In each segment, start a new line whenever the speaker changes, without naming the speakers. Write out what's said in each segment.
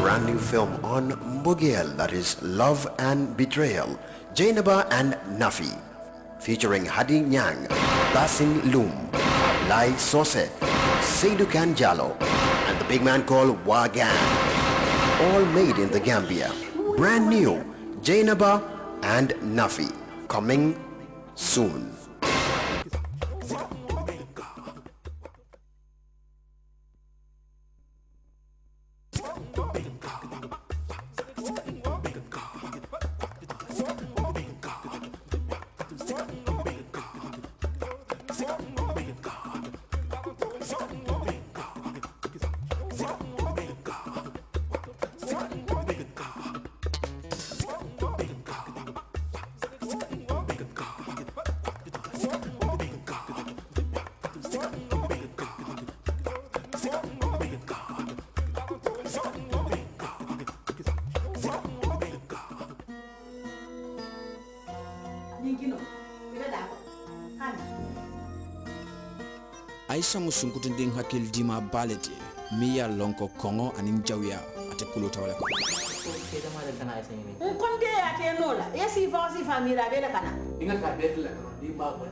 Brand new film on Mbugel, that is Love and Betrayal, Jainaba and Nafi, featuring Hadi Nyang, Basin Loom, Lai Sose, Seydou Kanjalo, and the big man called Wagan all made in the Gambia. Brand new, Jainaba and Nafi. Coming soon. Something ayisaŋo sunkutunden hakili dima baa le te min ye a lɔn ko kɔngɔ ani jawuya a tɛ kolo tawale kɔ
n kɔni tɛ y'a kɛ n'o la e si fɔ si fa miira a bɛ la ka na i ka
k'a bɛɛ la n'i m'a bɔ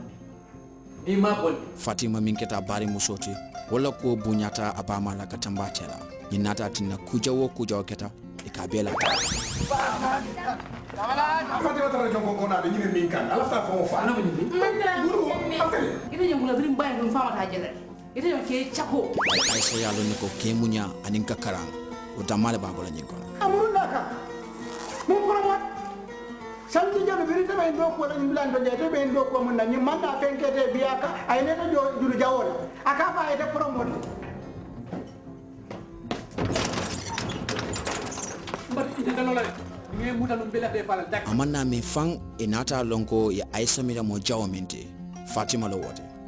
n'i m'a bɔ fatima min kɛta baari muso te wala ko bonyata a b'a ma la ka tɛmɛ a cɛ la nin nata a tɛna kuja o kuja o kɛta i k'a bɛɛ la fatima taara jɔn ko kɔnɔ a bɛ ɲini min kan ala t'a fɔ o fa ala ma ɲini
ite jongula birim bay dum famata jere ite yon ke chapo
ay so yalo ni ko kemunya anin kakara o tamale ba bola ni ko amul naka mum promote santi jalo biri te bay ndoko la ni bilan do jete bay ndoko mun na ni manda fenkete biaka ay ne do julu jawola aka fa ay te promote amanna min fan e lon ko ye aissamira mo jawo min te fatima lo wote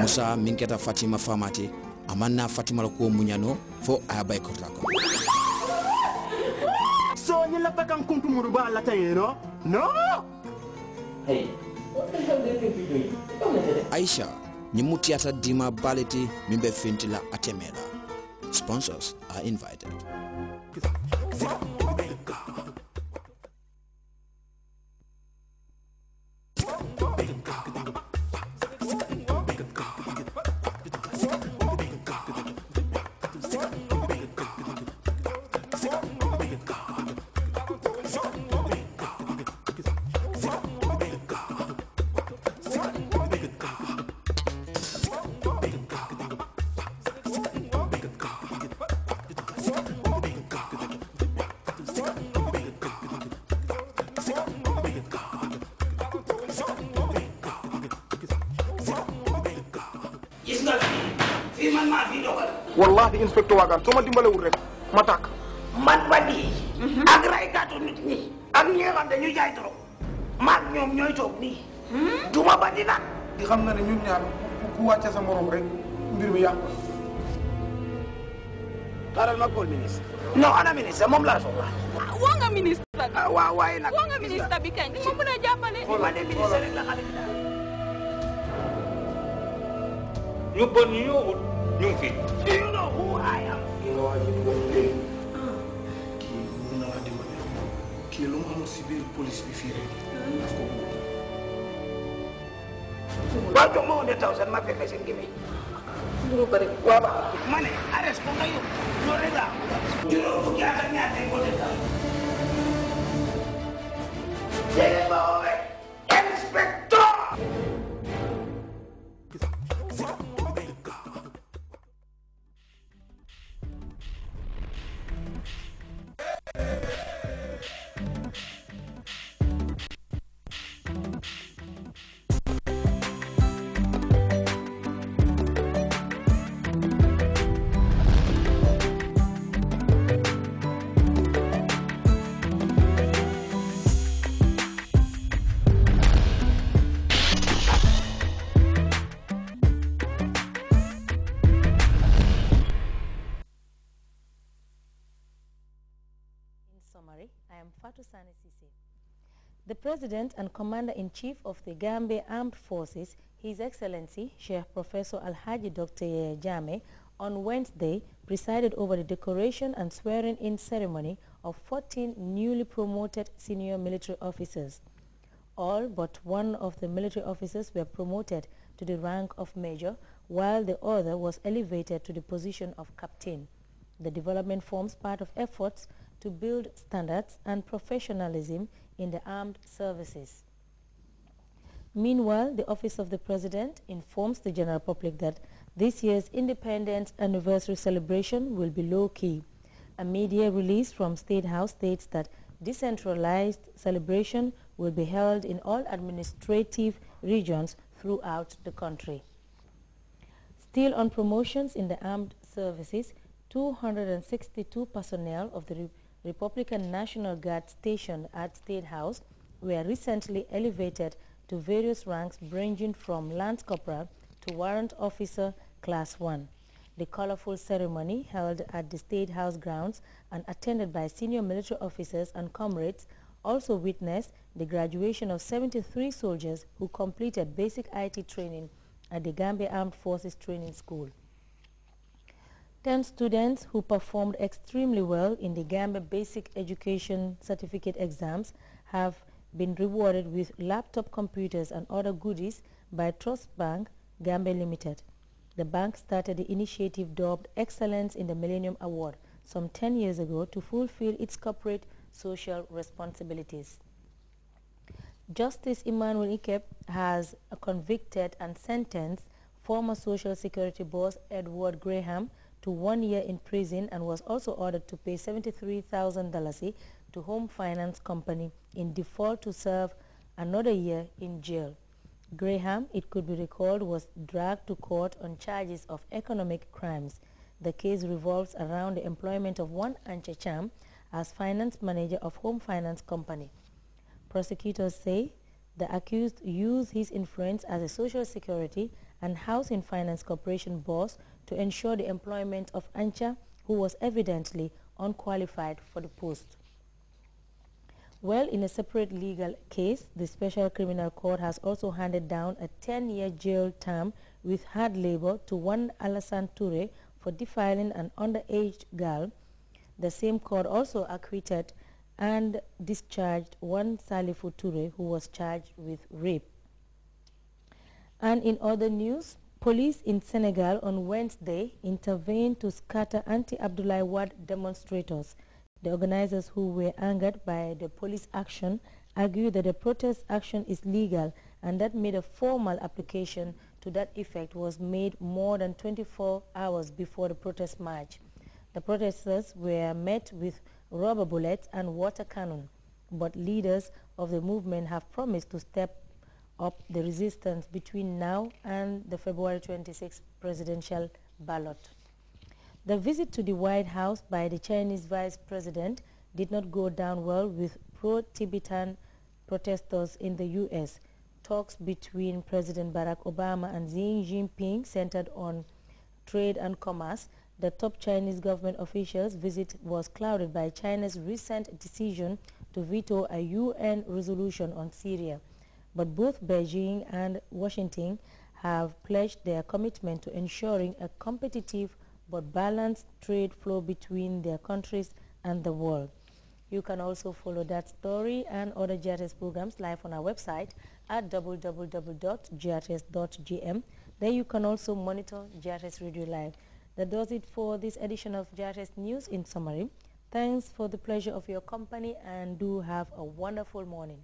musa min kɛta fatima fama te a ma na fatima la ko muɲano fo a y'a ba i kɔrɔta kɔ so ɲe lata kan kuntu muru b'a lata ye nɔ no aisha ɲe mu tiyata dima baleti te min bɛ fenti la a sponsors are invited di inspecteur wagan suma dimbalé wul rek ma tak man wadi ak ray gatu nit ñi ak ñi nga xam dañu jaay toro ma ak ñom ñoy tok ni hmm? duma bandi nak di xam na ne ñun ñaar ku wacce sa morom rek mbir mi yaq taral ma kol ministre non ana ministre mom la soxla wa nga ministre ah waa waaye nag waa nga ministre bi kañ mo mën jappalé ni ma dé ministre rek la xalé bi daal ñu bon ñu ñoo You Do you know who I am? You know I did what you did. You know I did what you did. Kí ló máa lọ síbi police bí fèrè? Wọ́n jọ mọ́ hundred thousand máa fẹ́ fẹsẹ̀ gẹ̀mí. Dúró bẹ̀rẹ̀ wá bá. Mane, I respond to you. Lórí la. Dúró kí a kàn ní àtẹ̀kọ́ lẹ́ta. Jẹ́rẹ́ bá ọ̀rẹ́.
President and Commander-in-Chief of the Gambia Armed Forces, His Excellency Sheikh Professor Alhaji Dr. Jame, on Wednesday presided over the decoration and swearing-in ceremony of 14 newly promoted senior military officers. All but one of the military officers were promoted to the rank of major, while the other was elevated to the position of captain. The development forms part of efforts to build standards and professionalism in the armed services. Meanwhile, the Office of the President informs the general public that this year's Independence Anniversary celebration will be low-key. A media release from State House states that decentralized celebration will be held in all administrative regions throughout the country. Still on promotions in the armed services, 262 personnel of the Republican National Guard stationed at State House were recently elevated to various ranks ranging from Lance Corporal to Warrant Officer Class 1. The colorful ceremony held at the State House grounds and attended by senior military officers and comrades also witnessed the graduation of 73 soldiers who completed basic IT training at the Gambia Armed Forces Training School. 10 students who performed extremely well in the Gambia Basic Education Certificate exams have been rewarded with laptop computers and other goodies by Trust Bank Gambia Limited. The bank started the initiative dubbed Excellence in the Millennium Award some 10 years ago to fulfill its corporate social responsibilities. Justice Emmanuel Ikep has convicted and sentenced former Social Security boss Edward Graham to one year in prison and was also ordered to pay $73,000 to Home Finance Company in default to serve another year in jail. Graham, it could be recalled, was dragged to court on charges of economic crimes. The case revolves around the employment of one Anche Cham as finance manager of Home Finance Company. Prosecutors say the accused used his influence as a social security and Housing Finance Corporation boss to ensure the employment of Ancha, who was evidently unqualified for the post. Well, in a separate legal case, the Special Criminal Court has also handed down a 10-year jail term with hard labor to one Alassane Toure for defiling an underage girl. The same court also acquitted and discharged one Salifu Toure who was charged with rape. And in other news, police in Senegal on Wednesday intervened to scatter anti-Abdoulaye Wade demonstrators. The organizers who were angered by the police action argued that the protest action is legal and that made a formal application to that effect was made more than 24 hours before the protest march. The protesters were met with rubber bullets and water cannon, but leaders of the movement have promised to step up the resistance between now and the February 26 presidential ballot. The visit to the White House by the Chinese vice president did not go down well with pro-Tibetan protesters in the U.S. Talks between President Barack Obama and Xi Jinping centered on trade and commerce. The top Chinese government officials' visit was clouded by China's recent decision to veto a UN resolution on Syria but both Beijing and Washington have pledged their commitment to ensuring a competitive but balanced trade flow between their countries and the world. You can also follow that story and other GRS programs live on our website at www.grs.gm. There you can also monitor GRS Radio Live. That does it for this edition of GRS News in Summary. Thanks for the pleasure of your company and do have a wonderful morning.